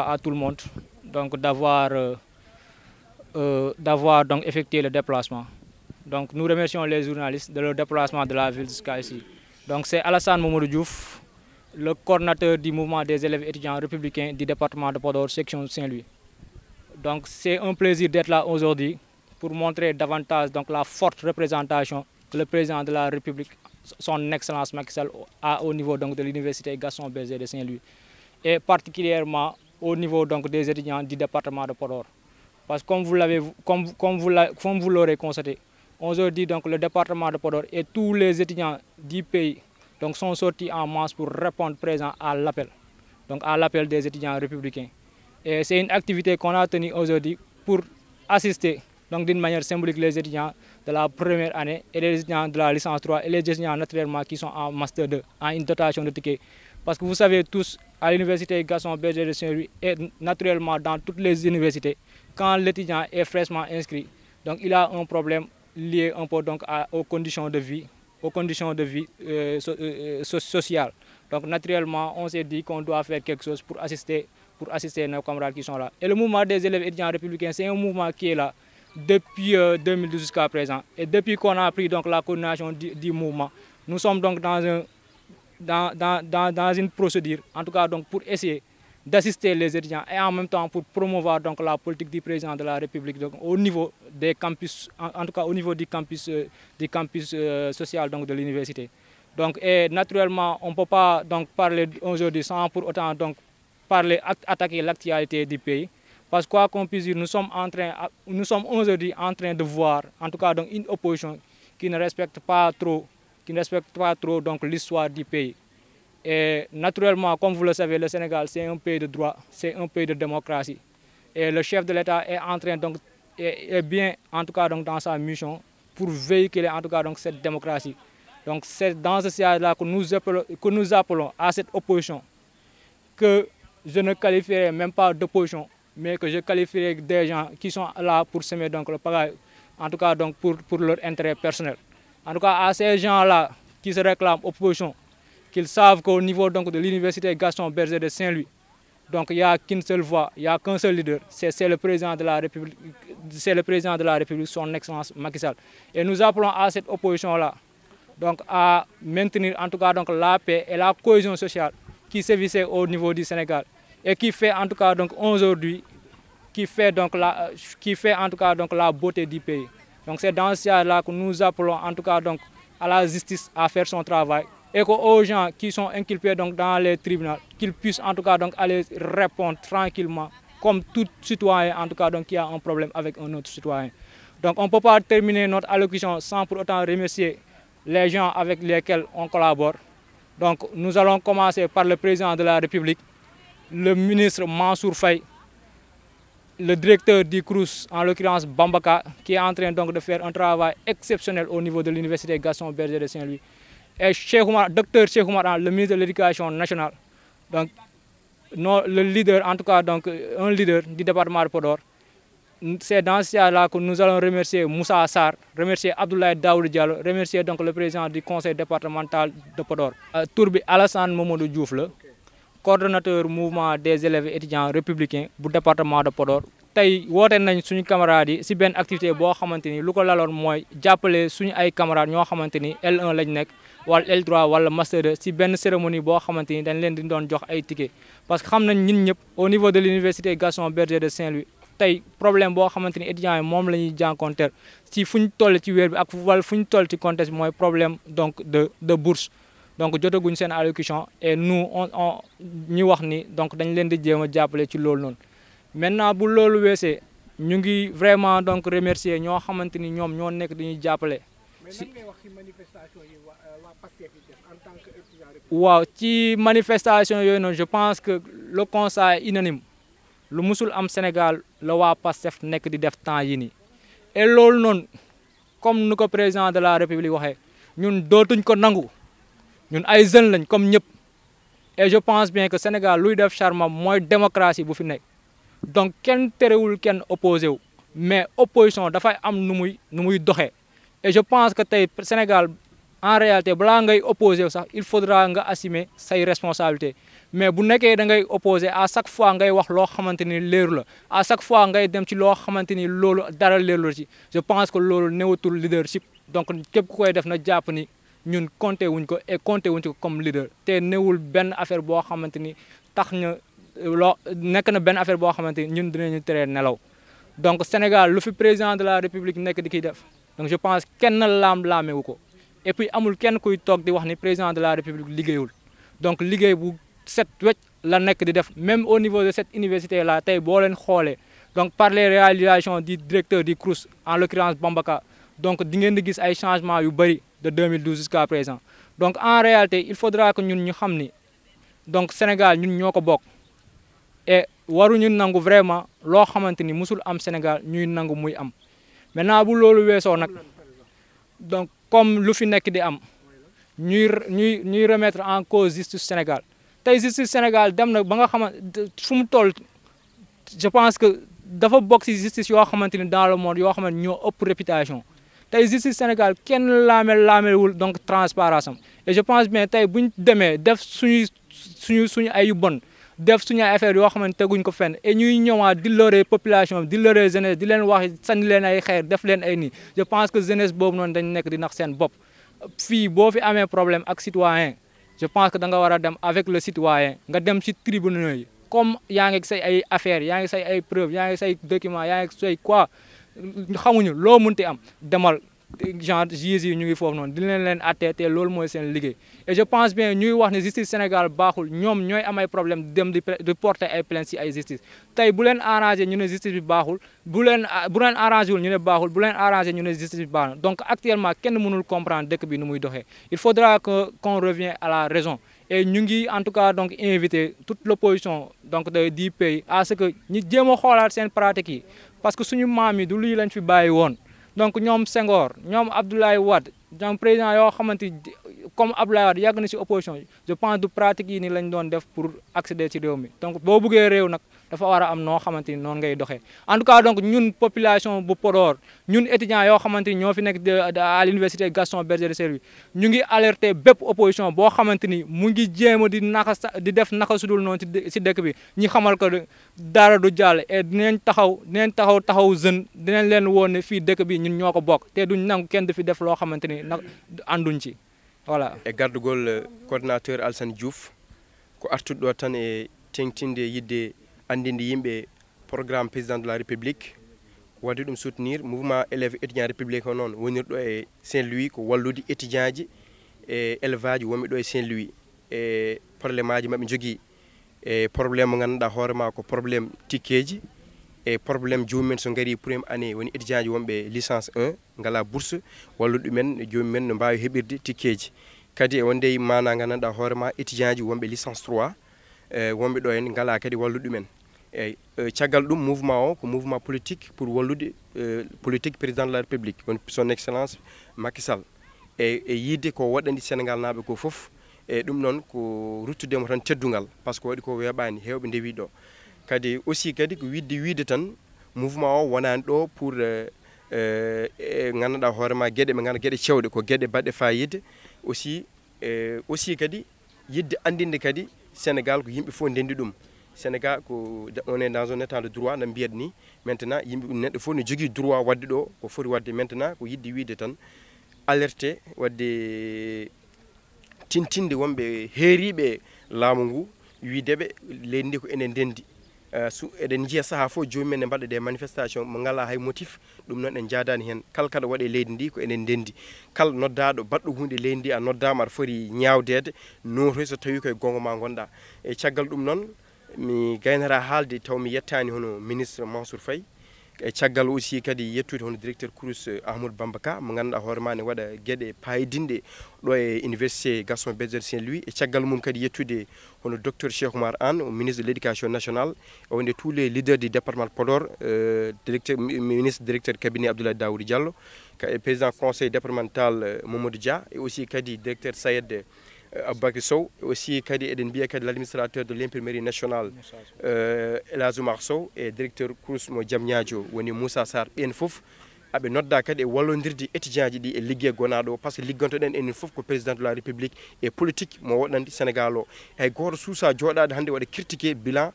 à tout le monde donc d'avoir euh, euh, d'avoir donc effectué le déplacement. Donc nous remercions les journalistes de leur déplacement de la ville jusqu'à ici. Donc c'est Alassane Momodou Diouf, le coordinateur du mouvement des élèves étudiants républicains du département de Podor, section Saint-Louis. Donc c'est un plaisir d'être là aujourd'hui pour montrer davantage donc, la forte représentation que le président de la République, son Excellence Maxel, a au niveau donc, de l'université Gaston Berger de Saint-Louis. Et particulièrement au niveau donc, des étudiants du département de Podor. Parce que comme vous l'avez, comme, comme vous, comme l'aurez constaté, aujourd'hui donc le département de Podor et tous les étudiants du pays donc, sont sortis en masse pour répondre présent à l'appel, donc à l'appel des étudiants républicains. Et c'est une activité qu'on a tenue aujourd'hui pour assister donc d'une manière symbolique les étudiants de la première année et les étudiants de la licence 3 et les étudiants naturellement qui sont en master 2 en une dotation de tickets parce que vous savez tous, à l'université Gasson Berger de Saint-Louis et naturellement dans toutes les universités, quand l'étudiant est fraîchement inscrit, donc il a un problème lié un peu donc aux conditions de vie, aux conditions de vie euh, euh, euh sociales. Donc naturellement, on s'est dit qu'on doit faire quelque chose pour assister, pour assister nos camarades qui sont là. Et le mouvement des élèves étudiants républicains, c'est un mouvement qui est là depuis 2012 euh, jusqu'à présent. Et depuis qu'on a pris donc, la coordination du mouvement, nous sommes donc dans un dans, dans, dans, dans une procédure, en tout cas donc pour essayer d'assister les étudiants et en même temps pour promouvoir donc la politique du président de la République donc au niveau des campus, en, tout cas au niveau du campus, euh, campus euh, social donc de l'université. Donc et naturellement on ne peut pas donc parler aujourd'hui sans pour autant donc parler attaquer l'actualité du pays. Parce que quoi qu'on puisse dire, nous sommes, en train, nous sommes aujourd'hui en train de voir, en tout cas donc une opposition qui ne respecte pas trop qui ne respectent pas trop l'histoire du pays. Et naturellement, comme vous le savez, le Sénégal, c'est un pays de droit, c'est un pays de démocratie. Et le chef de l'État est en train, donc, bien, en tout cas, donc, dans sa mission pour véhiculer, en tout cas, donc, cette démocratie. Donc, c'est dans ce siège-là que nous, appelons, à cette opposition que je ne qualifierai même pas d'opposition, mais que je qualifierai des gens qui sont là pour semer donc, le pagaille, en tout cas, donc, pour, pour leur intérêt personnel. En tout cas, à ces gens-là qui se réclament opposition, qu'ils savent qu'au niveau donc, de l'université Gaston Berger de Saint-Louis, donc il n'y a qu'une seule voix, il n'y a qu'un seul leader, c'est le président de la République, c'est le président de la République, son excellence Macky Sall. Et nous appelons à cette opposition-là, donc à maintenir en tout cas donc la paix et la cohésion sociale qui sévissaient au niveau du Sénégal et qui fait en tout cas donc aujourd'hui, qui fait donc qui fait en tout cas donc la beauté du pays. Donc c'est dans ce cas-là que nous appelons en tout cas donc, à la justice à faire son travail et aux gens qui sont inculpés donc, dans les tribunaux, qu'ils puissent en tout cas donc, aller répondre tranquillement, comme tout citoyen en tout cas donc, qui a un problème avec un autre citoyen. Donc on ne peut pas terminer notre allocution sans pour autant remercier les gens avec lesquels on collabore. Donc nous allons commencer par le président de la République, le ministre Mansour Faye, le directeur du CRUS, en l'occurrence Bambaka, qui est en train donc de faire un travail exceptionnel au niveau de l'université Gaston Berger de Saint-Louis. Et Cheikh docteur Cheikh le ministre de l'Éducation nationale, donc le leader, en tout cas donc, un leader du département de Podor. C'est dans ce cas-là que nous allons remercier Moussa Assar, remercier Abdoulaye Daoud Diallo, remercier donc le président du conseil départemental de Podor. Euh, Tourbi Alassane Momodou Diouf, coordonnateur mouvement des élèves étudiants républicains du département de Podor Tay, woote nañ suñu camarade yi si benn activité bo xamante luko la lor moy jappelé suñu ay camarade ño xamante L1 lañ nek wala L3 wala master 2 si benn cérémonie bo xamante dañ leen di doon jox ay ticket parce que xamnañ nañ ñëpp au niveau de l'université Gaston Berger de Saint-Louis tay problème bo xamante étudiant mom yi moom la ñuy jànkonteel si toll ci wër bi ak wala fuñ ñu toll ci contest moy problème donc de de bourse donc jotaguñ sen allocution et nous on on ñi wax ni donc dañ leen di jéem jappalé ci lool non maintenant bu loolu wéssé ñu ngi vraiment donc remercier ñoo xamante ni ñoom ñoo nekk dañuy jàppale. si Wow, ci manifestation euh, yoy non je pense que le constat est unanime lu musul am Sénégal le wa PASTEF nekk di def temps yi et lool non comme nous ko président de la république waxé ñun dootuñ ko nangu ñun ay jeunes lañ comme ñëpp et je pense bien que Sénégal luy def charme mooy démocratie bu fi nekk donc kenn terewul kenn opposé wu mais opposition dafay am nu muy nu muy doxee et je pense que tey Sénégal en réalité balaa ngay opposé sax il faudra nga assumer say responsabilité. mais bu nekkee da ngay opposé à chaque fois ngay wax loo xamante ni léeru la à chaque fois ngay dem ci loo xamante ni loolu dara la ci je pense que loolu néewatul leadership donc képp ku koy def na jàpp ni ñun compté wuñ ko et compté wuñ ko comme leader té néwul ben affaire bo xamanteni ni tax ñu eh, loo na ben affaire bo xamanteni ñun dinañu téré nelaw donc Sénégal lu fi président de la République nek di kiy def donc je pense kenn laam lamé wu ko et puis amul kenn kuy tok di wax ni président de la République liggéeyul donc liggéey bu set wéj la nek di def même au niveau de cette université là tay bo leen xolé donc par les réalisations du directeur du CROUS en l'occurrence Bambaka donc di ngeen di gis ay changements yu bari de 2012 jusqu'à présent donc en réalité il faudra que ñun ñu xam donc Sénégal ñun ñoo ko bokk et waruñu nangu vraiment loo xamante ni musul am Sénégal ñuy nangu muy am maintenant bu loolu weesoo nag donc comme lu fi nekk di am ñuy ñuy ñuy remettre en cause justice Sénégal tey justice Sénégal dem na ba nga xamante fu toll je pense que dafa bokk ci justice yoo xamante ni dans le monde yoo xamante ñoo ëpp réputation tay justice Sénégal kenn laamel laamelwul donc transparence am et je pense bien tay buñ ñu demee def suñu suñu suñu ay yu bon def suñu ay affaire yoo xamante teguñ ko fenn et ñuy ñëwaat di loree population bi di loree jeunesse di leen wax sànni leen ay xeer def leen ay nii je pense que jeunesse boobu noonu dañ nekk di nax seen bopp fii boo fi amee problème ak citoyen je pense que da nga war a dem avec le citoyen nga dem ci tribunaux yi comme yaa ngi say ay affaire yaa ngi say ay preuve yaa ngi say document yaa ngi say quoi xamuñu lo muñti am demal genre juges ñu ngi foofu non di leen leen àtte te loolu mooy seen liggéey et je pense bien ñuy wax ne justice Sénégal baaxul ñom ñoy am ay problème dem di di porter ay plainte si ay justice tay bu leen arranger ñu ne justice bi baaxul bu leen bu leen arranger wul ñu ne baaxul bu leen arranger ñu ne justice bi baax donc actuellement kenn mënul comprendre dëkk bi nu muy doxé il faudra que qu'on revient à la raison et ñu ngi en tout cas donc inviter toute l'opposition donc de 10 pays à ce que ñi jéem a xoolaat seen pratique yi parce que suñu maam yi du lii lañ fi bàyyi woon donc ñoom Senghor ñoom Abdoulaye Wade ñoom président yoo xamante comme Abdoulaye Wade yàgg na si opposition yi je pense du pratique yi ni lañ doon def pour accéder ci réew mi donc boo buggee réew nag dafa war am noo xamante ni noonu ngay doxee en tout cas donc ñun population bu Podor ñun étudiants yoo xamante ni ñoo fi nekk à l'université Gaston Berger de Servi ñu ngi alerté bépp opposition boo xamante ni mu ngi jéem a di naka di def naka sudul noonu si dëkk bi ñi xamal ko dara du jàll et taxaw dinañ taxaw taxaw jeune dinañ leen woon ne fii dëkk bi ñun ñoo ko bokk te duñ nangu kenn du fi def loo xamante ni nag ànduñ ci voilà e gol euh, coordinateur Alsan diouf ko do tan e tengtinde yidde andinde yimbe programme président de la république wadi dum soutenir mouvement élève étudiant république non wonir do e saint louis ko wallude étudient ji e élève womi do e saint louis e probléme aji maɓe jogui e problème mo ganduɗa hoorema ko problème tikkeji e problème jomumen so pour année woni étudiant ji wonɓe licence 1 ngala bourse walla ɗumen no mbawi heɓirde tikkeji kadi e wonde mana gandanɗa hoorema étudiant ji licence 3 e wonɓe ɗo en ngala kadi wallu Il y e, e, caggal ɗum mouvement mouvement politique pour wallude politique président de la république son excellence Macky Sall. yiide ko sénégal naaɓe ko fof e ɗum noon ko ruttudemo tan teddugal par que waɗi ko kadi aussi kadi ko widde wiide tan mouvement o wonani ɗo pour euh, euh, e gandanɗa hoorema gueɗe ɓe ganda gueɗe cewɗe ko gueɗe baɗɗe fayide aussi euh, aussi kadi yidde andinde kadi sénégal ko yimɓe fof ndendi ɗum sénégal ko on est dans un état de droit no mbiyat ni maintenant yimɓe neɗɗo fof ne jogui droit wadde ɗo ko foti wadde maintenant ko yidde wiide tan alerté wadde tintinde wonɓe heeriɓe laamu ngu wiideɓe leydi ndi ko ene ndendi Eh, eɗen jiiya sahaa fof joomum en e mbaɗa ɗe manifestation mo ngala hay motif ɗum noon en jaadani heen kala kada waɗe leydi ndi ko enen ndendi kala noddaɗo baɗɗo hunde leydi ndi a noddama aɗa foti ñawdede notoy so tawi koye gongo ma gonɗa e caggal ɗum noon mi gaynata haalde taw mi yettani hono ministre mansour faye e caggal aussi kadi yettude hono directeur courus eh, ahmadou bambaka mo ganduɗa hoore ma ne waɗa gueɗe payidinɗe ɗo e université gaston saint louis e caggal mum kadi yettude hono docteur cheikh oumar an ministre de l'éducation nationale o tous les leaders du département podor eh, directeur ministre directeur cabinet abdoulaye daoudi diallo président français départemental eh, mamadou dia et aussi kadi directeur sayed euh, Aboubacar Sow aussi kadi Eden mbiya kadi l'administrateur de l'imprimerie nationale euh, elazumar Marceau, e directeur course mo jaam ñaajo woni moussa sar et fof aɓe nodda kadi e wallodirde étudient ji ligue e liggey parce o par ce que liggantoɗen ko président de la république et politique mo waɗanti sénégal o hay goto suusa jooɗade hannde waɗa critiqué bilan